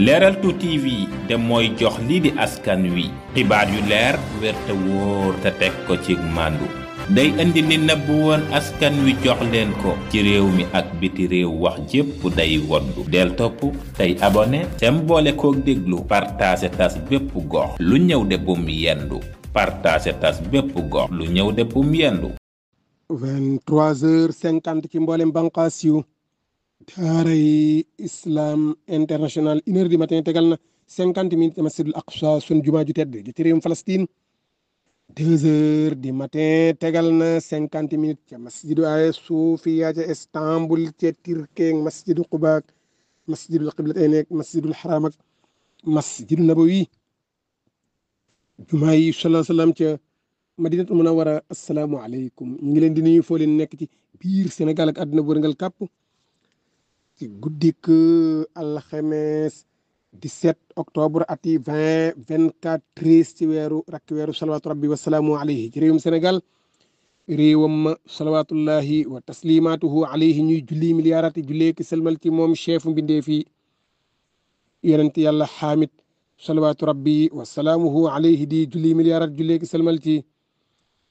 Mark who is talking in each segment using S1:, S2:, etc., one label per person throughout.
S1: leeral tu TV te mooy jox lii di askan wi xibaar yu leer wér wóor te teg ko ci màndu day indi li nëbb woon askan wi jox leen ko ci réew mi ak biti réew wax jépp day woddu del topp tey abone tem boole kook déglu partage tas bépp gox lu ñëw de bum yendu partage tas lu ñëw de bum ci mboolem banqaas yu daaray islam international une heure du matin tegal na cinquante minutes masjidul aqsa sun jumaa ju tedd di tirim Palestine deux heures du matin tegal na cinquante minutes ca masjidu ay suufiya ca Istanbul ca Turquie masjidu Quba ak masjidul qiblatayni ak masjidul haram ak masjidu nabawi jumaa yi salaa salaam ca madinatul munawwara assalaamu aleykum ñu ngi leen di nuyu foo leen nekk ci biir Sénégal ak àdduna bu wërngal kàpp ci guddik alxames 17 octobre ati 20 24 ci weeru rakk weeru salawaatu rabbi wasalaamu alayhi ci réewum Sénégal réewam salawaatullahi wa taslimaatuhu alayhi ñuy julli miliyaaraati jullee ki sëlmal ci moom chef mbindee fi yonent yàlla xaamit salawaatu rabbi wasalaamuhu alayhi di julli miliyaaraati jullee ki sëlmal ci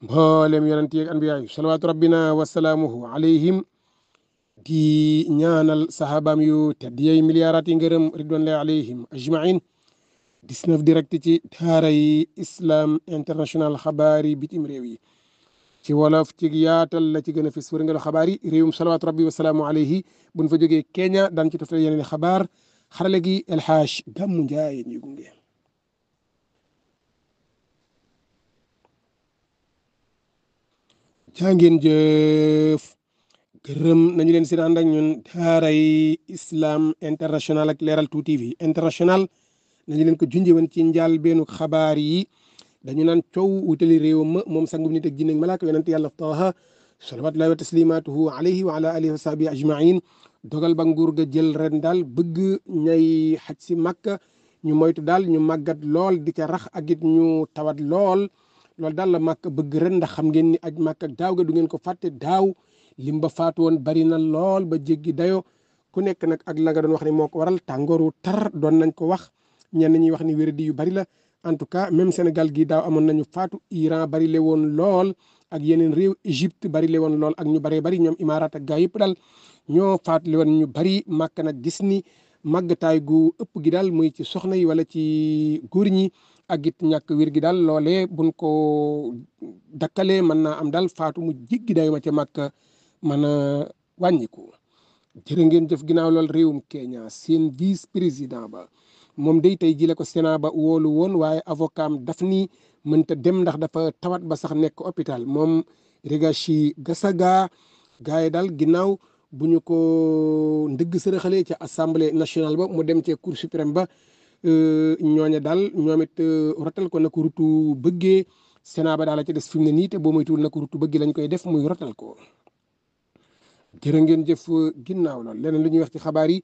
S1: mboolem yonent yeeg anbiyaa yi salawaatu rabbina wasalaamuhu alayhim di ñaanal saxaabaam yu tedd yey milliardaires yi ngërëm ridwanullahi alayhim ajmain 19 direct ci yi islam international xabaari bitim réew yi ci wolof ci yaatal la ci gën a fis wërngalu xabaar yi réewum salawaatu rabbi wasalaamu alayhi buñ fa jógee Kenya daan ci toftal yeneen xabaar xarale gi El Hadj Gamou Ndiaye ñuy gunge. jaa ngeen jëf. gërëm nañu leen si ànd ak ñun islam international ak leeral tout tv international nañu leen ko junje woon ci njaal beenu xabaar yi dañu naan coow wutali réew ma moom sangum nit ak jinne ak malaaka yonent yàlla taha salawatullahi wa taslimatuhu alayhi wa ala alihi wa sahbi ajmain dogal ba nguur ga jël ren daal bëgg ñay xaj si màkka ñu moytu daal ñu màggat lool di ko rax ak it ñu tawat lool loolu daal la màkk bëgg ren ndax xam ngeen ni aj màkk ak daaw ga du ngeen ko fàtte daaw lim ba faatu woon bari na lool ba jéggi dayoo ku nekk nag ak la nga wax ne moo ko waral tàngooru tar doon nañ ko wax ñenn ñuy wax ni wéradi yu bari la en tout cas même Sénégal gi daaw amoon nañu faatu Iran bari le woon lool ak yeneen réew Égypte bari le woon lool ak ñu baree bari ñoom Imaaraat ak gaa yëpp daal ñoo faatu le woon ñu bari màkk nag gis ni màggataay gu ëpp gi daal muy ci soxna yi wala ci góor ñi ak it ñàkk wér gi daal loole buñ ko dakkalee mën naa am daal faatu mu jéggi dayo ma ca mën a wàññiku jërë ngeen jëf ginnaaw lool réewum Kenya seen vice président ba moom day tey ji ko Sénat ba woolu woon waaye avocat am daf ni mënta dem ndax dafa tawat ba sax nekk hôpital moom Rigathi Gachagua gars yi daal ginnaaw bu ñu ko ndëgg sërëxalee ca assemblée national ba mu dem cee cour suprême ba euh, ñooña daal ñoom it euh, rotal ko na ko rutu bëggee Sénat ba daal la ca des fi ne nii te boo moytuwul na ko rutu bëggee lañ koy def muy rotal ko. jërë ngeen jëf ginnaaw loolu leneen lu ñuy wax ci xabaar yi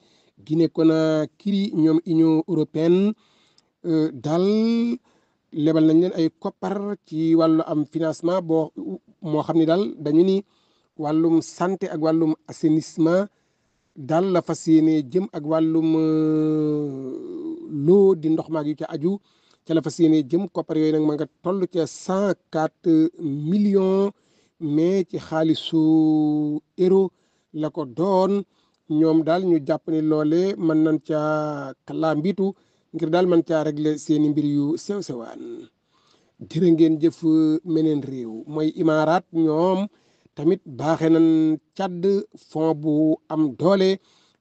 S1: Guinée Conakry ñoom Union européenne euh, daal lebal nañ leen ay koppar ci wàllu am financement boo moo xam ni daal dañu ni wàllum santé ak wàllum assainissement daal la fas yéene jëm ak wàllum euh, loo di ndox maak yu ci aju ca la fas yéene jëm koppar yooyu nag ma nga toll ca cent quatre millions. mais ci xaalisu euro la ko doon ñoom daal ñu jàpp ne loole mën nañ caa kàllaambitu ngir daal mën caa régler seeni mbir yu sew sewaan jërë ngeen jëf meneen réew mooy imaaraat ñoom tamit baaxe nañ Tchad fond bu am doole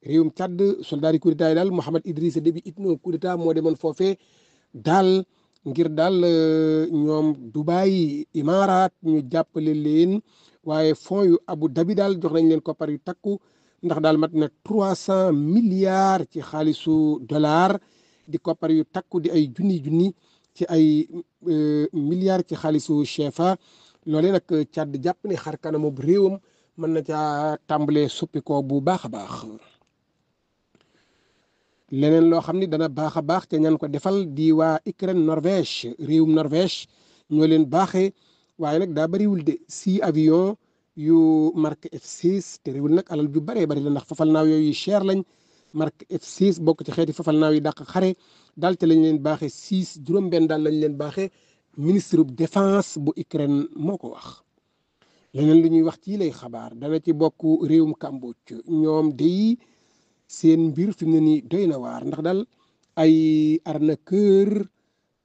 S1: réewum Tchad soldaari coup d'état yi daal Mohamed Idriss Déby itno coup d'état moo demoon foofe daal ngir daal euh, ñoom Dubai Imaaraat ñu jàppale leen waaye fonds yu Abu Dhabi daal jox nañ leen koppar yu takku ndax daal mat na trois cent milliards ci xaalisu dollar di koppar yu takku di ay junni junni ci ay euh, milliards ci xaalisu CFA loolee nag Tchad jàpp ne xar kanamu réewam mën na caa tàmbalee suppikoo bu baax a baax. leneen loo xam ni dana baax a baax te ñan ko defal di waa Ukraine Norvège réewum Norvège ñoo leen baaxee waaye nag daa bëriwul de si avion yu marque F6 te réewul nag alal ju bëree bari la ndax fafalnaaw yooyu cher lañ marque F6 bokk ci xeeti fafal naaw yi dàq xare dal te lañ leen baaxee 6 juróom-benn dal lañ leen baaxee ministre bu défense bu Ukraine moo ko wax. leneen lu ñuy wax ci lay xabaar dana ci bokk réewum Cambodge ñoom day. seen mbir fi mu ne nii doy na waar ndax dal ay ar na arnaqueur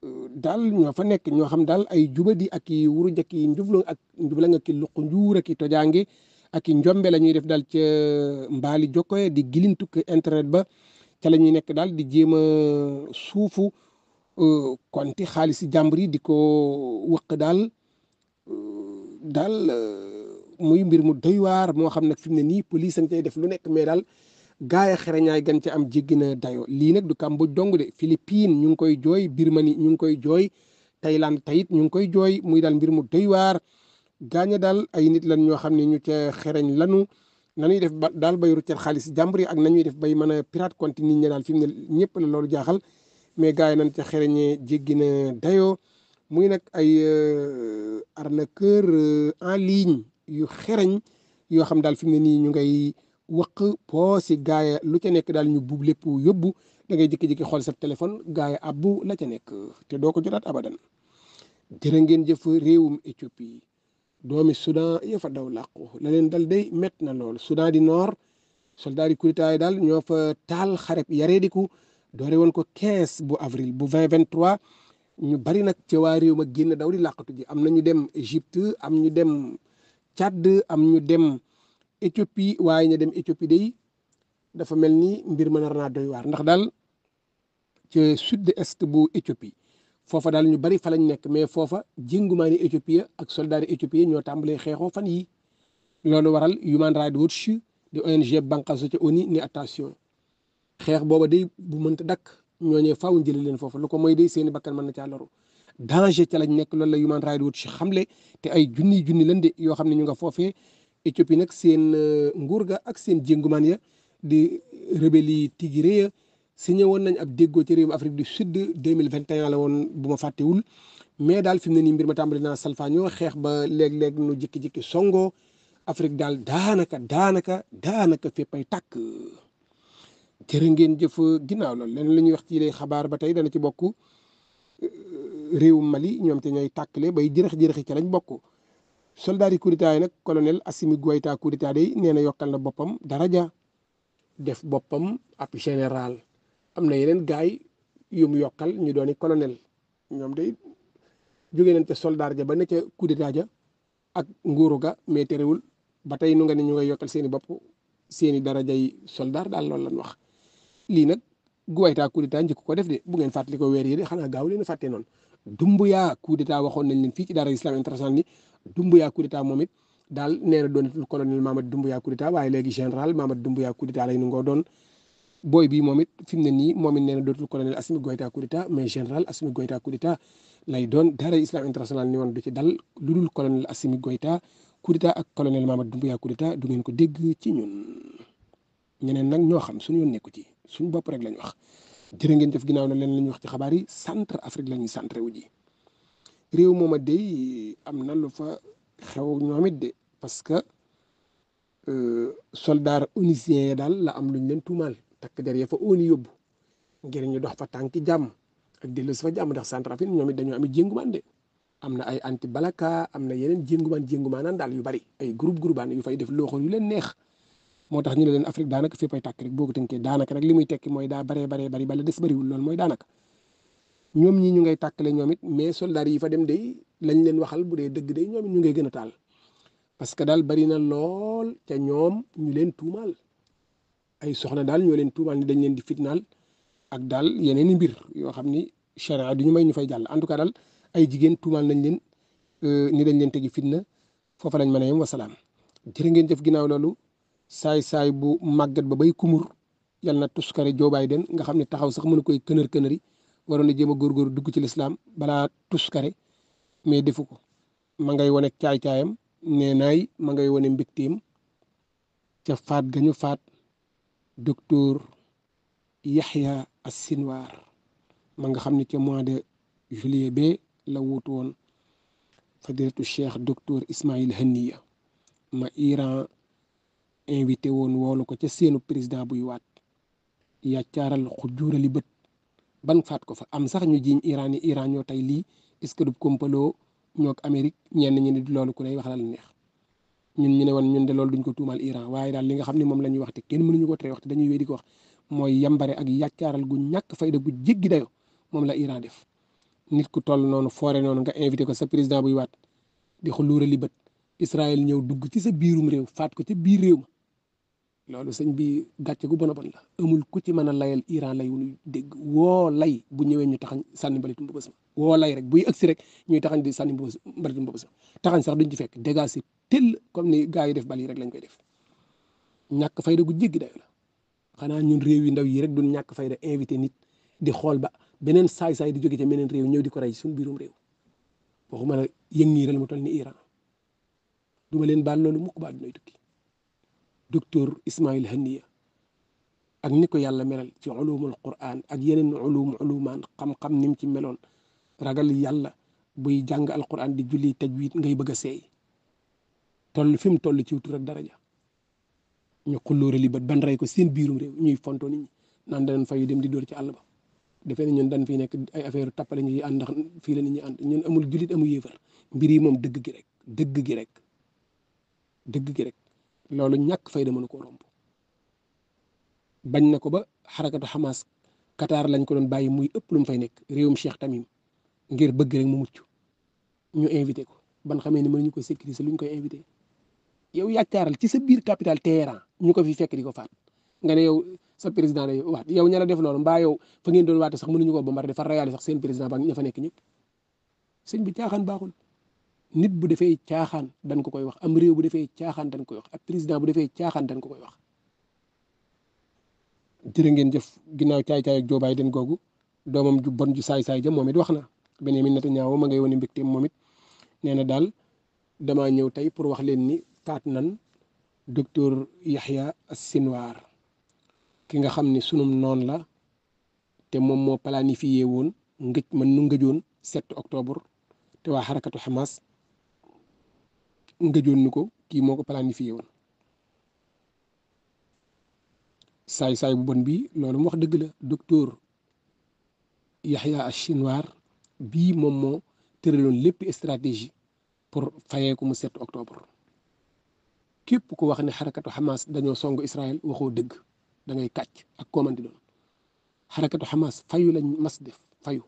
S1: euh, daal ñoo fa nekk ñoo xam daal ay jubadi ak i wuruj ak i njublu ak njubla nga ki luq njuur ak tojaangi ak i njombe la ñuy def daal ca euh, mbaali jokkoye di gilintuk internet ba ca la ñuy nekk daal di jéem a suufu euh, konti xaalisi jàmbur yi di ko wëq daal daal muy mbir mu doy waar moo xam ne fi ne nii police a ngi cay def lu nekk mais daal gaay xereñaay gan ci am jéggi na dayo lii nag du Cambodge dong de Philippines ñu ngi koy jooy Birmanie ñu ngi koy jooy Thaïlande tayit ñu ngi koy jooy muy daal mbir mu doy waar gaaña daal ay nit lan ñoo xam ne ñu ca xereñ lanu nañuy def ba daal bay ruccat xaalis jàmbur yi ak nañuy def bay mën a pirate compte nit ñi fi mu ne ñëpp la loolu jaaxal mais gaay nan ca xereñee jéggi na dayoo muy nag ay euh, arnaqueur euh, en ligne yu xereñ yoo xam daal fi ne nii ñu ngay wëq poosi gaaya lu ca nekk daal ñu buub lépp yóbbu da ngay jékki-jékki xool sa téléphone gaaya abbu la ca nekk te doo ko jotaat abadan jërë ngeen jëf réewum Éthiopie doomi Soudan ya fa daw làqu la leen dal day mett na lool Soudan di nord soldat yi kuritaay daal ñoo fa taal xareb yareediku doore woon ko 15 bu avril bu 2023 ñu bari nag ca waa ma génn daw di làqatu ji am na ñu dem Égypte am ñu dem Tchad am ñu dem Éthiopie waaye ña dem Éthiopie day dafa mel ni mbir mën nar naa doy waar ndax daal ci sud est bu Éthiopie foofa daal ñu bari fa lañ nekk mais foofa jéngumaani Éthiopie ak soldaari Éthiopie ñoo tàmbalee xeexoo fan yi loolu waral Human Rights Watch di ONG bànqaasu ca ONU ni attention xeex booba day bu mënta dakk ñooñee faaw jëlee leen foofu lu ko mooy day seen bakkan mën na caa loru danger ca lañ nekk loolu la Human Rights Watch le te ay junni junni lan de yoo xam ne ñu nga foofee Éthiopie nag seen euh, nguur ga ak seen jéngumaan ya di rébelli Tigré ya si woon nañ ak déggoo ci réew Afrique du Sud 2021 la woon bu ma fàttewul mais daal fi mu ne nii ma tàmbali naa salfaañoo xeex ba léeg-léeg nu jikki-jikki songo Afrique daal daanaka daanaka daanaka féppay tàkk jërë ngeen jëf ginnaaw loolu leneen ñuy wax ci lay xabaar ba tey dana ci bokk euh, réew Mali ñoom te ñooy tàkkale bay jërëx jërëxi ca lañ bokk soldaar yi coup d'état yi nag colonel Assimi Goïta coup d'état day nee na yokkal na boppam daraja def boppam ab général am na yeneen gaay yu mu yokkal ñu dooni colonel ñoom de jóge nañ ca soldaar ja ba ne ca coup ja ak nguuru ga mais terewul ba tey nu nga ñu ngay yokkal seeni bopp seeni daraja yi soldaar daal loolu lañ wax lii nag Goïta coup d'état njëkk ko def de bu ngeen fàttali ko weer yi de xanaa gaaw leen fàtte noonu Dumbuya coup d'état waxoon nañ leen fii ci daar daara islam international ni Dumbuya yaa d'état moom it daal nee na doonatul colonel Mamadou Dumbuya coup d'état waaye léegi général Mamadou Dumbuya coup d'état lay nu ngoo doon booy bi moom it fi mu ne nii moom it nee dootul colonel Assimi Goïta coup d'état mais général Assimi Goïta coup d'état lay doon daara islam international ni woon du ci dal lu dul colonel Assimi Goïta coup d'état ak colonel Mamadou Dumbuya coup d'état du ngeen ko dégg ci ñun ñeneen nag ñoo xam suñu yoon nekku ci suñu bopp rek lañ wax jërë ngeen jëf ginaaw na leen la ñuy wax ci xabaar yi centre Afrique la ñuy centré wu ji réew mooma day am na lu fa xew ñoom it de parce que euh, soldat onusien ya daal la am luñ leen tuumaal takk der ya fa ONU yóbbu ngir ñu dox fa tànki jàmm ak dellu si fa jàmm ndax centre Afrique ñoom it dañoo am jéngumaan de am na ay anti balaka am na yeneen jéngumaan jéngumaanaan daal yu bari ay groupe groupaan yu fay def loxo yu leen neex. motax ñu leen Afrique daanaka fi ay tak rek boo ko da daanaka rek li muy tekki mooy bare bare baree bari bala des bariwul loolu mooy daanaka ñoom ñi ñu ngay tàkkale ñomit mais soldat yi fa dem day lañ leen waxal bu dee dëgg day ñom ñu ngay gëna taal parce que dal bari na lool ca ñom ñu leen ay soxna dal ñoo leen ni dañ leen di fitnal ak dal yeneen mbir yo xamni sharia duñu may ñu fay jall en tout cas dal ay jigen tuumaal nañ leen euh, ni dañ leen fitna fofu lañ mëna yëm wa salam jërë ngeen saay-saay bu màggat ba bay kumur yal na tuskare Joe Biden nga xam ne taxaw sax mën koy kënër kënëri waroon na jéem a góorgóor dugg ci lislaam balaa tuskare mais defu ko ma ngay wone caay-caayam nee naay ma ngay wone mbégteem ca faat ga ñu faat docteur Yahya Assinwar ma nga xam ne ca mois de juillet ba la wuutu woon fadilatu cheikh docteur Ismail Haniya ma Iran invité woon woonu ko ca seenu président buy waat yàccaaral xujuurali bët ban faat ko fa am sax ñu jiiñ Iran yi Iran ñoo tey lii est-ce que du kompaloo ñoog Amérique ñenn ñi ni loolu ku ne wax la neex ñun ñu ne woon ñun de duñ ko tuumaal Iran waaye daal li nga xam ne moom la ñuy wax te kenn mënuñu ko tere wax te dañuy wéy di ak yàccaaral gu ñàkk fayda gu jéggi dayo moom la Iran def nit ku toll noonu foore noonu nga invité ko sa président buy waat di xuluurali bët Israël ñëw dugg ci sa biirum réew faat ko ca biir réew ma loolu sëñ bi gàcce gu bon a bon la amul ku ci mën a layal Iran lay wuñu dégg woo lay bu ñëwee ñu taxa sànni mbalitu mbëbës ma woo lay rek buy agsi rek ñuy taxañ di sànni mbëbës mbalitu mbëbës ma taxañ sax duñ ci fekk dégâts si comme ni gars yi def bal rek lañ koy def ñàkk fayda gu jéggi xanaa ñun réew yi ndaw yi rek duñ ñàkk fayda invité nit di xool ba beneen saay-saay di jóge ci beneen réew di ko rey suñu biirum réew waxuma la yëngu nii ren mu toll ni Iran du ma leen baal loolu mukk baal dinay docteur Ismail Haniya ak niko yalla melal ci ulumul quran ak yenen ulum uluman xam-xam nim ci melon ragal yalla buy jàng alquran di julli tajwid ngay bëgg sey toll fim toll ci wutur ak daraja ñu xullóore li bat ban ray ko seen birum rew ñuy fonto nit ñi naan danañ fay dem di dóor ci àll defé ñun dañ fi nek ay affaire tappale la nit ñi and ñun amul julit amul yéefar mbiri mom deug gi rek deug gi rek deug gi rek loolu ñàkk fayda mënu koo romb bañ na ko ba xarakatu Hamas Qatar lañ ko doon bàyyi muy ëpp lu mu fay nekk réewum Cheikh tamit ngir bëgg rek mu mucc ñu invité ko ban xamee ni mënuñu ko sécuriser luñ koy invité yow yaakaaral ci sa biir capital Téhéran ñu ko fi fekk di ko faat nga ne yow sa président la wax yow ña la def loolu mbaa yow fa ngeen doon waate sax mënuñu ko bombardé far rayaale sax seen président ba ña fa nekk ñëpp sëñ bi caaxaan baaxul. nit bu defee caaxaan dañ ko koy wax am réew bu defee caaxaan dañ koy wax ak président bu defee caaxaan dañ ko koy wax jërë ngeen jëf ginnaaw caay-caay ak Joe Biden googu doomam ju bon ju saay-saay ja moom it wax na Benjamin Netanyahu ma ngay wane mbégteem moom it nee na daal damaa ñëw pour wax leen ni taat nan docteur Yahya Sinwar ki nga xam sunum noon la te moom moo planifié woon ngëj man nu ngëjoon 7 octobre te waa harakatu Hamas ngëjoon ni ko kii moo ko planifié woon saay-saay bu bon bi loolu mu wax dëgg la docteur Yaxya Achinwar bii moom moo tëraloon lépp stratégie pour fayee ko mu 7 octobre képp ku wax ne xarakatu Hamas dañoo song Israël waxoo dëgg da ngay kàcc ak koomanti doon xarakatu Hamas fayu lañ mas def fayu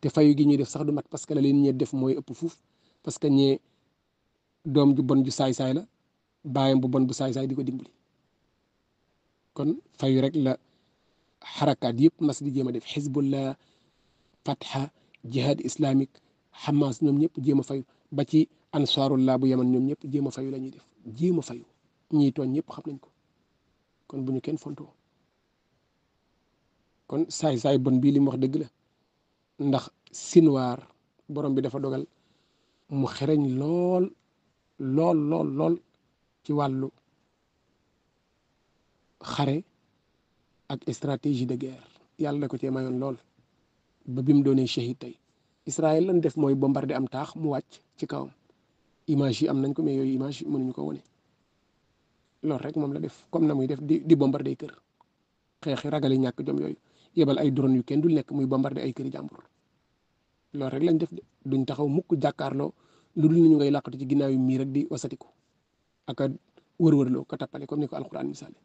S1: te fayu gi ñuy def sax du mat parce que la leen ñee def mooy ëpp fuuf parce ñee dom ju bon ju say say la bayam bu bon bu say say di dimbali kon fayu rek la harakat yep mas di jema def hizbullah fatha jihad islamic Hamas ñom ñep jema fayu ba ci ansarullah bu yaman ñom ñep jema fayu lañuy def jema fayu ñi toñ ñep xam nañ ko kon buñu ñu kenn kon say say bon bi li wax deug la ndax sinwar borom bi dafa dogal mu xereñ lol lool lool lool ci wàllu xare ak stratégie de guerre yàlla da ko cee mayoon lool ba bi mu doonee shahid tey Israël lan def mooy bombardé am taax mu wàcc ci kawam image yi am nañ ko mais yooyu image yi mënuñu ko wone loolu rek moom la def comme na muy def di di bombardé kër ragal ragali ñàkk jom yooyu yebal ay drone yu kenn du nekk muy bombardé ay kër jàmbur loolu rek lañ def de duñ taxaw mukk jàkkaarloo lu dul ñu ngay làqatu ci ginnaaw yu miir rek di wasatiku ak a ka tappale comme ni ko alxuraan misaale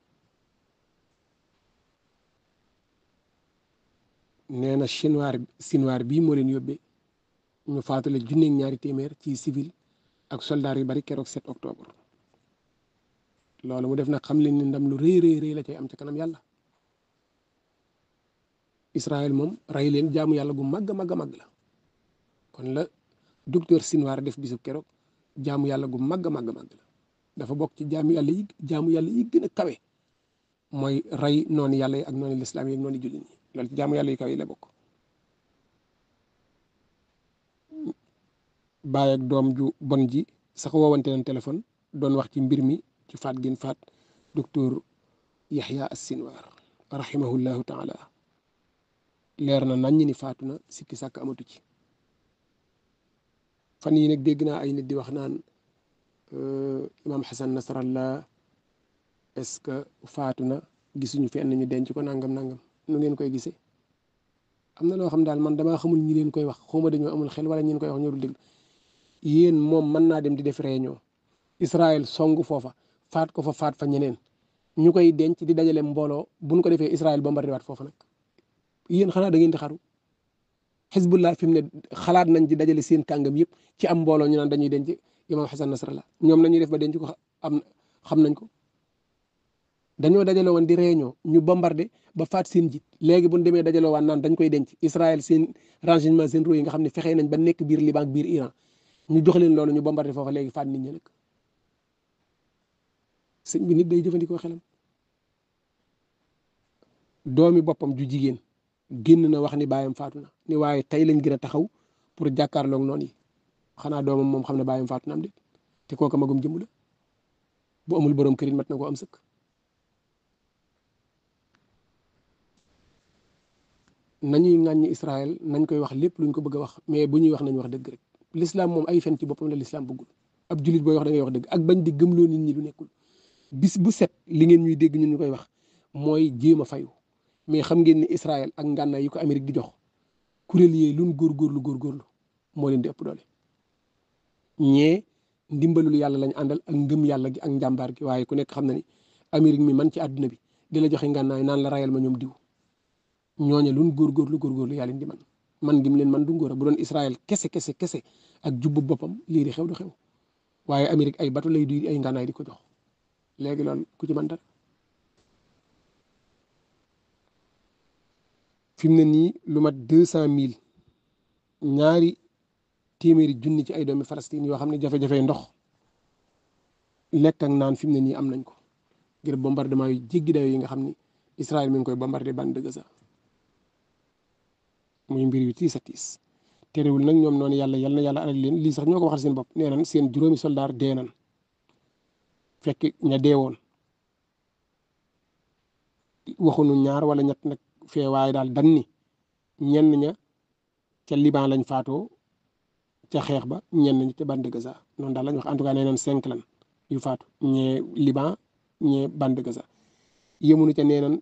S1: nee na chinois bii moo leen yóbbee ñu faatale junneeg ñaari téeméer ci civil ak soldaar yu bari keroog 7 octobre loolu mu def nag xam leen ni ndam lu rëy rëy la cay am ca kanam yàlla Israël moom ray leen jaamu yàlla gu màgg màgg màgg la la docteur Sinwar def bisu keroog jaamu yàlla gu màgg a màgg màgg la dafa bokk ci jaamu yàlla yi jaamu yàlla gën a kawe mooy rey noonu yàlla yi ak noonu lislaam yi ak noonu jullit yi loolu ci jaamu yàlla yu kawe yi la bokk. baay ak doom ju bon ji sax woowante nañ téléphone doon wax ci mbir mi ci faat gin faat docteur Yahya As-Sinwar rahimahullahu taala leer na nañ ñi ni faatu na sikki sàkk amatu ci fan yii nag dégg naa ay nit di wax naan euh, imaam Xasan Nasrallah est-ce que faatu na gisuñu fenn ñu denc ko nangam nangam nu ngeen koy gisee am na loo xam daal man damaa xamul ñi leen koy wax xawma dañoo amul xel wala ñeen koy wax ñoo dul déglu yéen moom mën naa dem di def réunion Israël song foofa faat ko fa faat fa ñeneen ñu koy denc di dajale mbooloo buñ ko defee Israël bombardé waat foofa nag yéen xanaa da ngeen di xaru xisbullah fi mu ne xalaat nañ di dajale seen kàngam yëpp ci am mbooloo ñu naan dañuy denc imaam xasan nasrallah ñoom nañuy def ba denc ko am xam nañ ko dañoo dajale woon di réunion ñu bombardé ba faat seen jiit léegi bu ñu demee dajaloo waan naan dañ koy denci Israël seen rangement seen rooy yi nga xam ne fexe nañ ba nekk biir Liban biir Iran ñu jox leen loolu ñu bombardé foofa léegi faat nit ñi nag sëñ bi nit day jëfandikoo xelam. doomi boppam ju jigéen génn na wax ni baayam faatu na ni waaye tey lañ gën a taxaw pour jàkkaarloog noonu yi xanaa doomam moom xam ne bàyyam faatu na am de te kooka magum jëmm la bu amul borom kërit mat na ko am sëkk. nañuy ŋàññi Israël nañ koy wax lépp luñ ko bëgg a wax mais bu ñuy wax nañ wax dëgg rek l'islam moom ay fen ci boppam la l'islam bëggul ab jullit booy wax da ngay wax dëgg ak bañ di gëmloo nit ñi lu nekkul bis bu set li ngeen ñuy dégg ñun ñu koy wax mooy jéema a fayu mais xam ngeen ni Israël ak ngànnaay yi ko Amérique di jox kuréel yooyu lu mu góorgóorlu góorgóorlu moo leen di ëpp doole ñee ndimbalul yàlla lañ àndal ak ngëm yàlla gi ak njàmbaar gi waaye ku nekk xam na ni Amérique mi man ci àdduna bi di la joxe ngànnaay naan la rayal ma ñoom diw lun ñooñe lu mu góorgóorlu góorgóorlu yàlla ndiman man man leen man du ngóor bu doon Israël kese kese kese ak jubbu boppam lii di xew du xew waaye Amérique ay batu lay duy ay ngànnaay di ko jox léegi loolu ku ci man dara fi mu ne nii lu mat deux cent mille ñaari téeméeri junni ci ay doomi Palestine yoo xam ne jafe-jafe ndox lekk ak naan fi mu ne nii am nañ ko ngir bombardement yu jéggi dayo yi nga xam ni Israël mi ngi koy bombardé bande Gaza muy mbir yu tiis a tiis terewul nag ñoom noonu yàlla yal na yàlla alal leen lii sax ñoo ko waxal seen bopp nee nañ seen juróomi soldaar dee nañ fekk ña deewoon waxuñu ñaar wala ñett nag fee waaye daal danni ñenn ña ca Liban lañ faatoo ca xeex ba ñenn ñi ca bande Gaza noonu daal lañ wax en tout cas nee nañ cinq lan yu faatu ñee Liban ñee bande Gaza yemunu ca nee nañ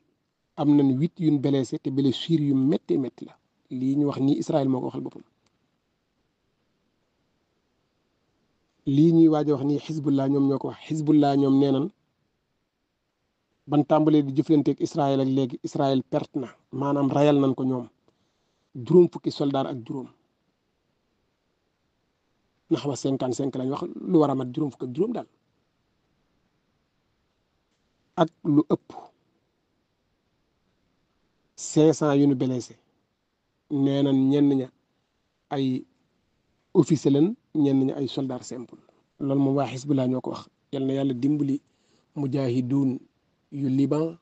S1: am nañ huit yuñ blessé te blessure yu métti métti la lii ñu wax nii Israël moo ko waxal boppam lii ñuy waaj a wax nii xisbullah ñoom ñoo ko wax xisbullah ñoom nee nañ ban tàmbalee di ak Israël ak léegi Israël perte na maanaam rayal nañ ko ñoom juróom fukki soldaar ak juróom na xama 55 lañ wax lu war a mat juróom fukki ak juróom daal ak lu ëpp 500 yu nu blessé nee nañ ñenn ña ay officier lañ ñenn ña ay soldaar simple loolu moom waa Hizbullah ñoo ko wax yal na yàlla dimbali mujahidun yu Liban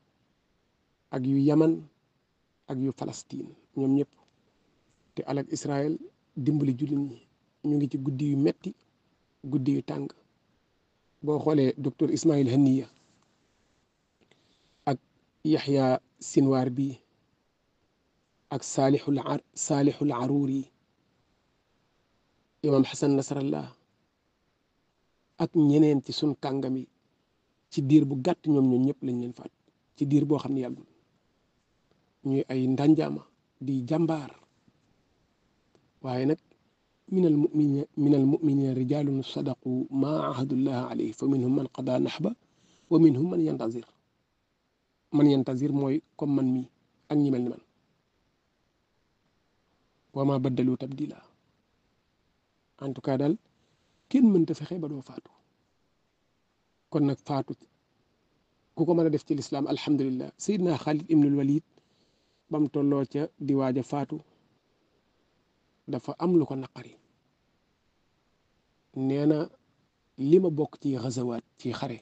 S1: ak yu Yaman ak yu Palestine ñoom ñëpp te alak Israël dimbali jullit ñi ñu ngi ci guddi yu metti guddi yu tàng boo xoolee docteur Ismail Haniya ak Yaxya Sinwar bi ak Saalixul Ar Saalixul Aruri imam Xasan Nasrallah ak ñeneen ci sun kàngam yi ci diir bu gàtt ñoom ñooñu ñëpp lañ leen faat ci diir boo xam ne yàggul ñuy ay ndànjaama di jàmbaar waaye nag minal mumini minal mumini rijalun sadaqu ma ahadullah alayhi fa minhum man qada nahba wa minhum man yantazir man yantazir mooy comme man mi ak ñi mel ni man wa ma baddalu tabdila en tout cas daal kenn mënta fexe ba doo faatu kon nag faatu ku ko mën a def ci lislaam alhamdulillah sayidna xaalid ibnul walid ba mu tolloo ca di waaj a faatu dafa am lu ko naqari nee na li ma bokk ci xasawaat ci xare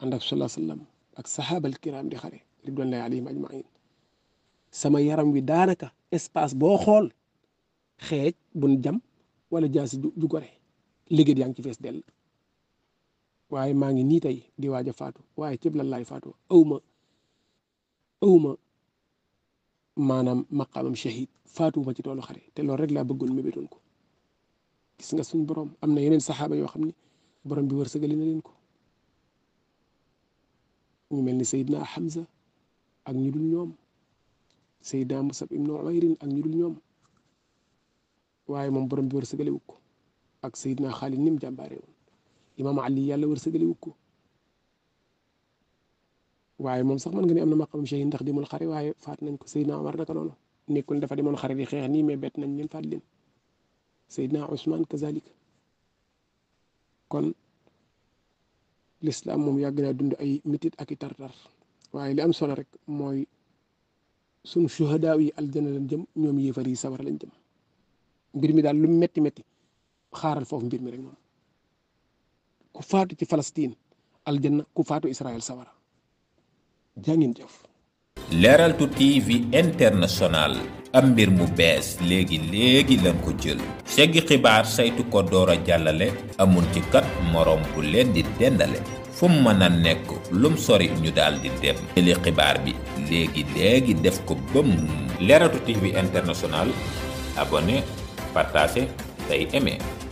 S1: ànd ak salaa sallam ak saxaabal kiraam di xare ridwanullahi alayhim ajmain sama yaram wi daanaka espace boo xool xeej bun jam wala jaasi ju gore liggéey yaa ngi ci fees dell waaye maa ngi nii tey di waaj a faatu waaye cib lan laay faatu awma awma maanaam maqaamam shahid faatuwuma ci toolu xare te loolu rek laa bëggoon mébétoon ko gis nga suñ borom am na yeneen saxaaba yoo xam ne borom bi wërsëgali na leen ko ñu mel ni Seydina Hamza ak ñu dul ñoom Seydina Musab ibnu Umayrin ak ñu dul ñoom waaye moom borom bi wërsëgali wu ko ak Seydina Xaalid nim mu jàmbaaree woon imam ali yàlla wërsegal wu ko waaye moom sax man nga ni amna maqam maqamam ndax dimul xare waye fat nañ ko sayyidna umar naka noonu nekul dafa dimon xare xex ni me bet nañ leen fatlin sayyidna usman Ousmane kazalik kon l'islam mom yàgg naa dund ay mitit ak tartar waye li am solo rek mooy sunu shuhadaaw yi aljana lañ jëm ñom yefari yi lañ jëm mbir mi dal lu metti metti xaaral fofu mbir mi rek moom ku faatu ci Palestine aljanna ku faatu Israël sawara TV international am mbir mu bees léegi léegi lañ ko jël seggi xibaar saytu ko door a jàllale amul ci kat moroom bu leen di dendale fu mu mën a nekk lum sori ñu daal dem jëli xibaar bi léegi léegi def ko bëm Leeraltu TV international abonné partagé tey aimé